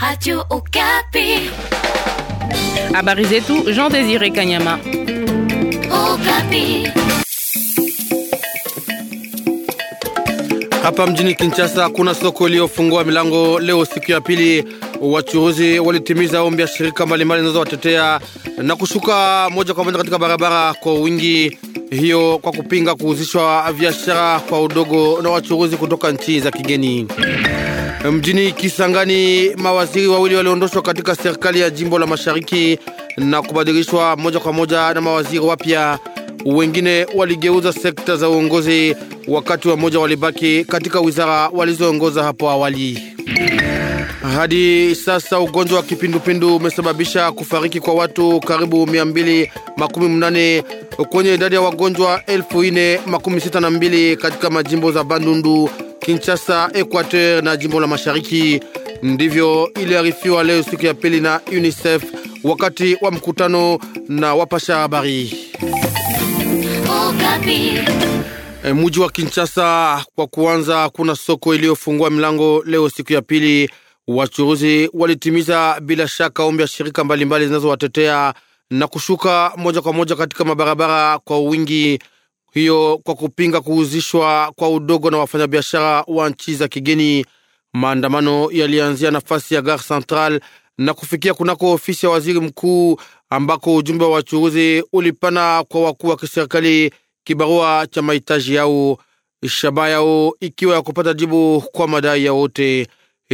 Radio Okapi. Habari zetu Jean Désiré Kanyama. Okapi. Hapa mjini Kinshasa kuna soko iliyofungua milango leo siku ya pili. Wachuruzi walitimiza ombi ya shirika mbalimbali zinazowatetea na kushuka moja kwa moja katika barabara kwa wingi, hiyo kwa kupinga kuhuzishwa biashara kwa udogo na wachuruzi kutoka nchi za kigeni. Mjini Kisangani, mawaziri wawili waliondoshwa katika serikali ya jimbo la mashariki na kubadilishwa moja kwa moja na mawaziri wapya. Wengine waligeuza sekta za uongozi, wakati wamoja walibaki katika wizara walizoongoza hapo awali. Hadi sasa ugonjwa wa kipindupindu umesababisha kufariki kwa watu karibu 218 kwenye idadi ya wagonjwa 1462 katika majimbo za Bandundu Kinshasa, Equateur na jimbo la Mashariki. Ndivyo iliarifiwa leo siku ya pili na UNICEF wakati wa mkutano na wapasha habari. E, mji wa Kinshasa kwa kuanza, kuna soko iliyofungua milango leo siku ya pili. Wachuruzi walitimiza bila shaka ombi ya shirika mbalimbali zinazowatetea na kushuka moja kwa moja katika mabarabara kwa wingi hiyo kwa kupinga kuhuzishwa kwa udogo na wafanyabiashara wa nchi za kigeni. Maandamano yalianzia nafasi ya Gare Central na kufikia kunako ofisi ya waziri mkuu, ambako ujumbe wa wachuruzi ulipana kwa wakuu wa kiserikali kibarua cha mahitaji yao, shabaha yao ikiwa ya kupata jibu kwa madai ya wote.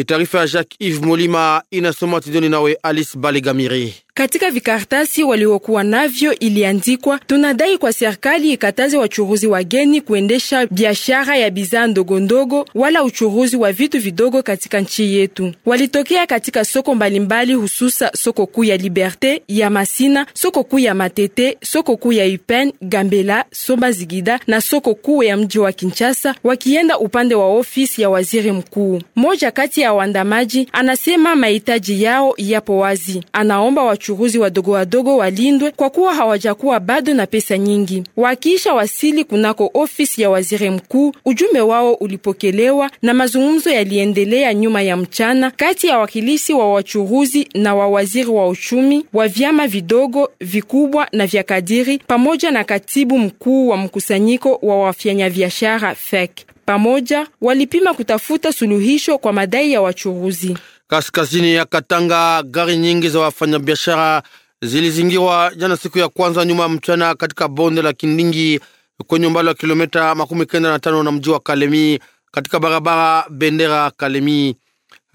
Taarifa ya Jacques Yves Molima inasoma Tidoni nawe Alice Baligamiri. Katika vikartasi waliokuwa navyo iliandikwa, tunadai kwa serikali ikataze wachuruzi wageni kuendesha biashara ya bidhaa ndogondogo wala uchuruzi wa vitu vidogo katika nchi yetu. Walitokea katika soko mbalimbali, hususa soko kuu ya Liberte ya Masina, soko kuu ya Matete, soko kuu ya Ipen, Gambela, Somba, Zigida na soko kuu ya mji wa Kinshasa, wakienda upande wa ofisi ya waziri mkuu. Moja kati ya waandamaji anasema mahitaji yao yapo wazi, anaomba wa wachuruzi wadogo wadogo walindwe kwa kuwa hawajakuwa bado na pesa nyingi. Wakiisha wasili kunako ofisi ya waziri mkuu, ujumbe wao ulipokelewa na mazungumzo yaliendelea nyuma ya mchana kati ya wakilisi wa wachuruzi na wa waziri wa uchumi wa vyama vidogo, vikubwa na vya kadiri pamoja na katibu mkuu wa mkusanyiko wa wafanyabiashara FEC. Pamoja walipima kutafuta suluhisho kwa madai ya wachuruzi kaskazini ya Katanga, gari nyingi za wafanyabiashara zilizingirwa jana siku ya kwanza nyuma ya mchana katika bonde la Kindingi kwenye umbali wa kilomita makumi kenda na tano na mji wa Kalemi katika barabara Bendera Kalemi.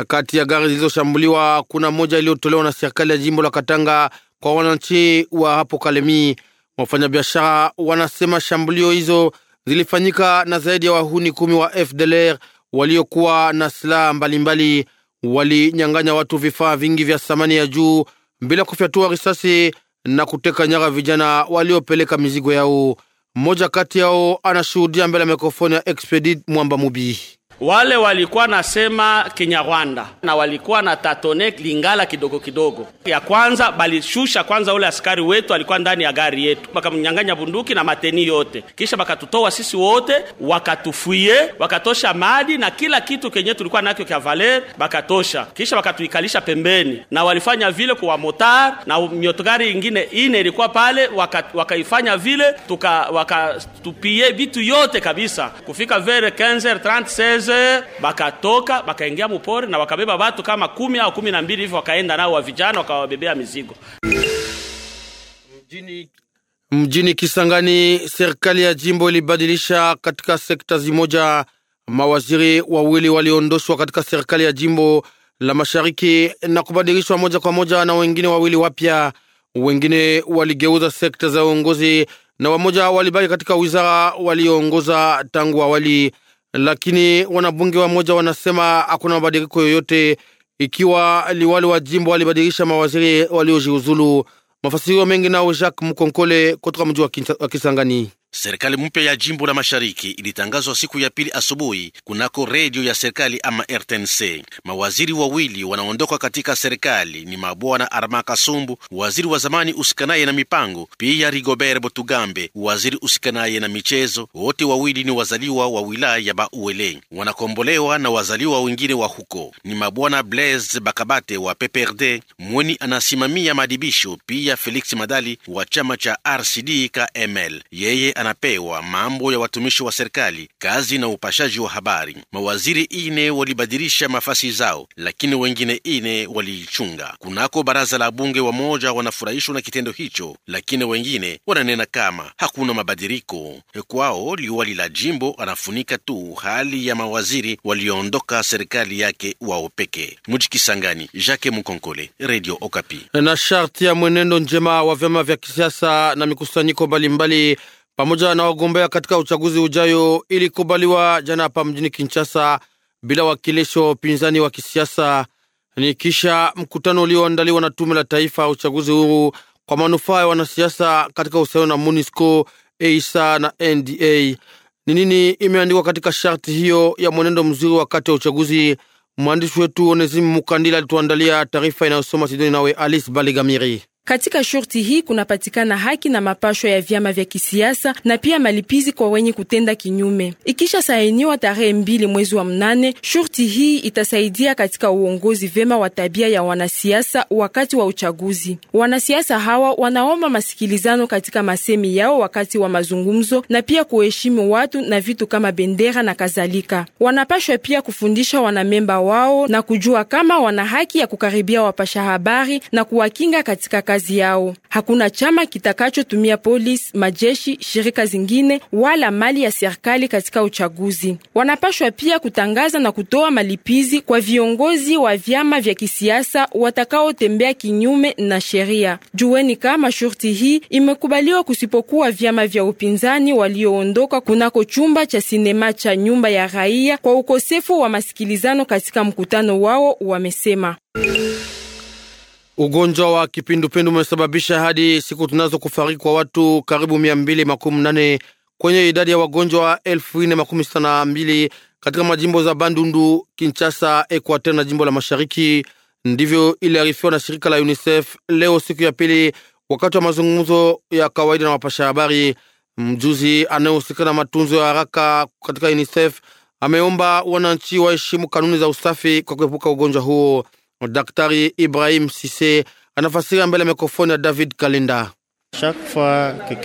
Kati ya gari zilizoshambuliwa kuna moja iliyotolewa na serikali ya jimbo la Katanga kwa wananchi wa hapo Kalemi. Wafanyabiashara wanasema shambulio hizo zilifanyika na zaidi ya wahuni kumi wa FDLR waliokuwa na silaha mbalimbali walinyang'anya watu vifaa vingi vya thamani ya juu bila kufyatua risasi na kuteka nyara vijana waliopeleka mizigo yao. Mmoja kati yao anashuhudia mbele ya mikrofoni ya Expedit Mwamba Mubi wale walikuwa nasema Kinyarwanda na walikuwa na tatone Lingala kidogo kidogo. Ya kwanza balishusha kwanza, ule askari wetu alikuwa ndani ya gari yetu, bakamnyang'anya bunduki na mateni yote, kisha bakatutoa sisi wote, wakatufuie, wakatosha mali na kila kitu kenye tulikuwa nakyo kya valer, bakatosha, kisha bakatuikalisha pembeni, na walifanya vile kwa motar na miotogari ingine ine ilikuwa pale, wakaifanya waka vile tuka wakatupie vitu yote kabisa kufika vere 15 30 16 bulldozer, bakatoka bakaingia mupori na wakabeba watu kama kumi au kumi na mbili hivyo, wakaenda nao wa vijana wakawabebea mizigo mjini. Mjini Kisangani, serikali ya jimbo ilibadilisha katika sekta zimoja mawaziri wawili waliondoshwa katika serikali ya jimbo la mashariki na kubadilishwa moja kwa moja na wengine wawili wapya. Wengine waligeuza sekta za uongozi na wamoja walibaki katika wizara waliongoza tangu awali lakini wanabunge wa moja wanasema hakuna mabadiliko yoyote, ikiwa liwali wa jimbo walibadilisha mawaziri waliojiuzulu. Mafasirio mengi nao Jacques Mkonkole kutoka mji wa Kisangani. Serikali mpya ya jimbo la mashariki ilitangazwa siku ya pili asubuhi kunako redio ya serikali ama RTNC. Mawaziri wawili wanaondoka katika serikali ni mabwana Arma Kasumbu, waziri wa zamani usikanaye na mipango, pia Rigobert Botugambe, waziri usikanaye na michezo. Wote wawili ni wazaliwa wa wilaya ya Bauele, wanakombolewa na wazaliwa wengine wa huko ni mabwana Blaise Bakabate wa PPRD mweni anasimamia madibisho pia Felix Madali wa chama cha RCD KML, yeye anapewa mambo ya watumishi wa serikali, kazi na upashaji wa habari. Mawaziri ine walibadilisha mafasi zao, lakini wengine ine waliichunga. Kunako baraza la bunge, wamoja wanafurahishwa na kitendo hicho, lakini wengine wananena kama hakuna mabadiliko kwao. Liwali la jimbo anafunika tu hali ya mawaziri walioondoka serikali yake wao peke. Mujikisangani, Jacques Mukonkole, Radio Okapi. Na sharti ya mwenendo njema wa vyama vya kisiasa na mikusanyiko mbalimbali pamoja na wagombea katika uchaguzi ujayo ilikubaliwa jana hapa mjini Kinshasa bila wakilisho wa upinzani wa kisiasa. Ni kisha mkutano ulioandaliwa na tume la taifa ya uchaguzi huru kwa manufaa ya wanasiasa katika uhusiano na MONUSCO, EISA na NDA. Ni nini imeandikwa katika sharti hiyo ya mwenendo mzuri wakati wa uchaguzi? Mwandishi wetu Onesime Mukandila alituandalia taarifa inayosoma Sidoni nawe Alice Baligamiri. Katika shurti hii kunapatikana haki na mapashwa ya vyama vya kisiasa na pia malipizi kwa wenye kutenda kinyume. Ikisha sainiwa tarehe mbili mwezi wa mnane, shurti hii itasaidia katika uongozi vema wa tabia ya wanasiasa wakati wa uchaguzi. Wanasiasa hawa wanaomba masikilizano katika masemi yao wakati wa mazungumzo na pia kuheshimu watu na vitu kama bendera na kadhalika. Wanapashwa pia kufundisha wanamemba wao na kujua kama wana haki ya kukaribia wapasha habari na kuwakinga katika kazi kazi yao. Hakuna chama kitakachotumia polisi, majeshi, shirika zingine wala mali ya serikali katika uchaguzi. Wanapashwa pia kutangaza na kutoa malipizi kwa viongozi wa vyama vya kisiasa watakaotembea kinyume na sheria. Jueni kama shurti hii imekubaliwa kusipokuwa vyama vya upinzani walioondoka kunako chumba cha sinema cha nyumba ya raia kwa ukosefu wa masikilizano katika mkutano wao, wamesema. Ugonjwa wa kipindupindu umesababisha hadi siku tunazo kufariki kwa watu karibu nane kwenye idadi ya wagonjwa mbili katika majimbo za Bandundu, Kinshasa, Equateur na jimbo la Mashariki. Ndivyo iliarifiwa na shirika la UNICEF leo siku ya pili, wakati wa mazungumzo ya kawaida na wapasha habari. Mjuzi anayehusika na matunzo ya haraka katika UNICEF ameomba wananchi waheshimu kanuni za usafi kwa kuepuka ugonjwa huo. Daktari Ibrahim Sise anafasiri mbele ya mikrofoni ya David Kalinda.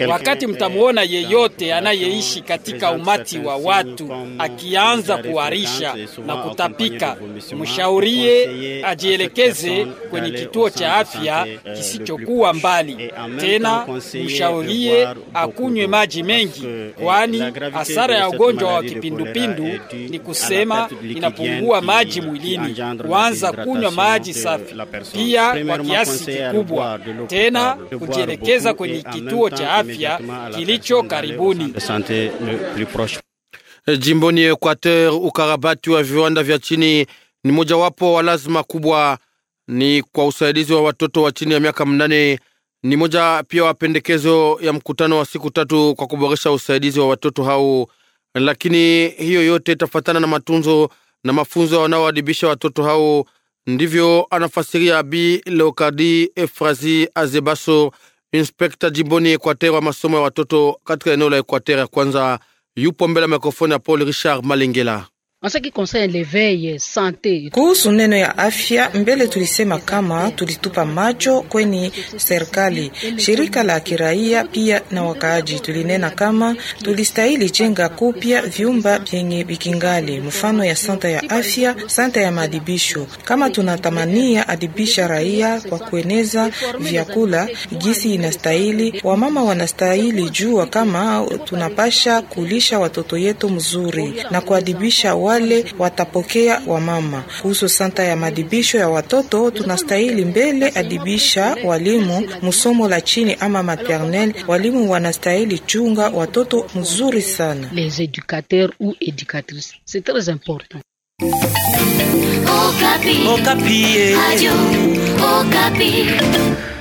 Wakati mtamwona yeyote anayeishi katika umati wa watu akianza kuharisha na kutapika, mshaurie ajielekeze kwenye kituo cha afya euh, kisichokuwa mbali. Tena mshaurie akunywe maji mengi, euh, kwani hasara ya ugonjwa wa kipindupindu ni kusema inapungua maji mwilini. Kwanza kunywa maji safi, pia kwa kiasi kikubwa. Tena kujielekeza kwenye kituo cha afya kilicho karibuni. Eh, jimboni Equateur, ukarabati wa viwanda vya chini ni mojawapo wa lazima kubwa, ni kwa usaidizi wa watoto wa chini ya miaka mnane. Ni moja pia wapendekezo ya mkutano wa siku tatu kwa kuboresha usaidizi wa watoto hao, lakini hiyo yote itafatana na matunzo na mafunzo wanaoadibisha watoto hao. Ndivyo anafasiria Bi Leokadi Efrazi Azebaso Inspekta jimboni Ekwatera wa masomo ya watoto katika eneo la Ekwatera ya kwanza yupo mbele ya mikrofoni ya Paul Richard Malengela. Kuhusu neno ya afya, mbele tulisema kama tulitupa macho kweni serikali, shirika la kiraia pia na wakaaji. Tulinena kama tulistahili jenga kupya vyumba vyenye bikingali, mfano ya santa ya afya, santa ya maadibisho, kama tunatamania adibisha raia kwa kueneza vyakula gisi inastahili. Wamama wanastahili jua kama tunapasha kulisha watoto yetu mzuri na kuadibisha wa wale watapokea wamama. Kuhusu santa ya madibisho ya watoto, tunastahili mbele adibisha walimu musomo la chini ama maternel. Walimu wanastahili chunga watoto mzuri sana. Les educateurs ou éducatrices, c'est très important. Okapi. Okapi. Eh. Adio. Okapi.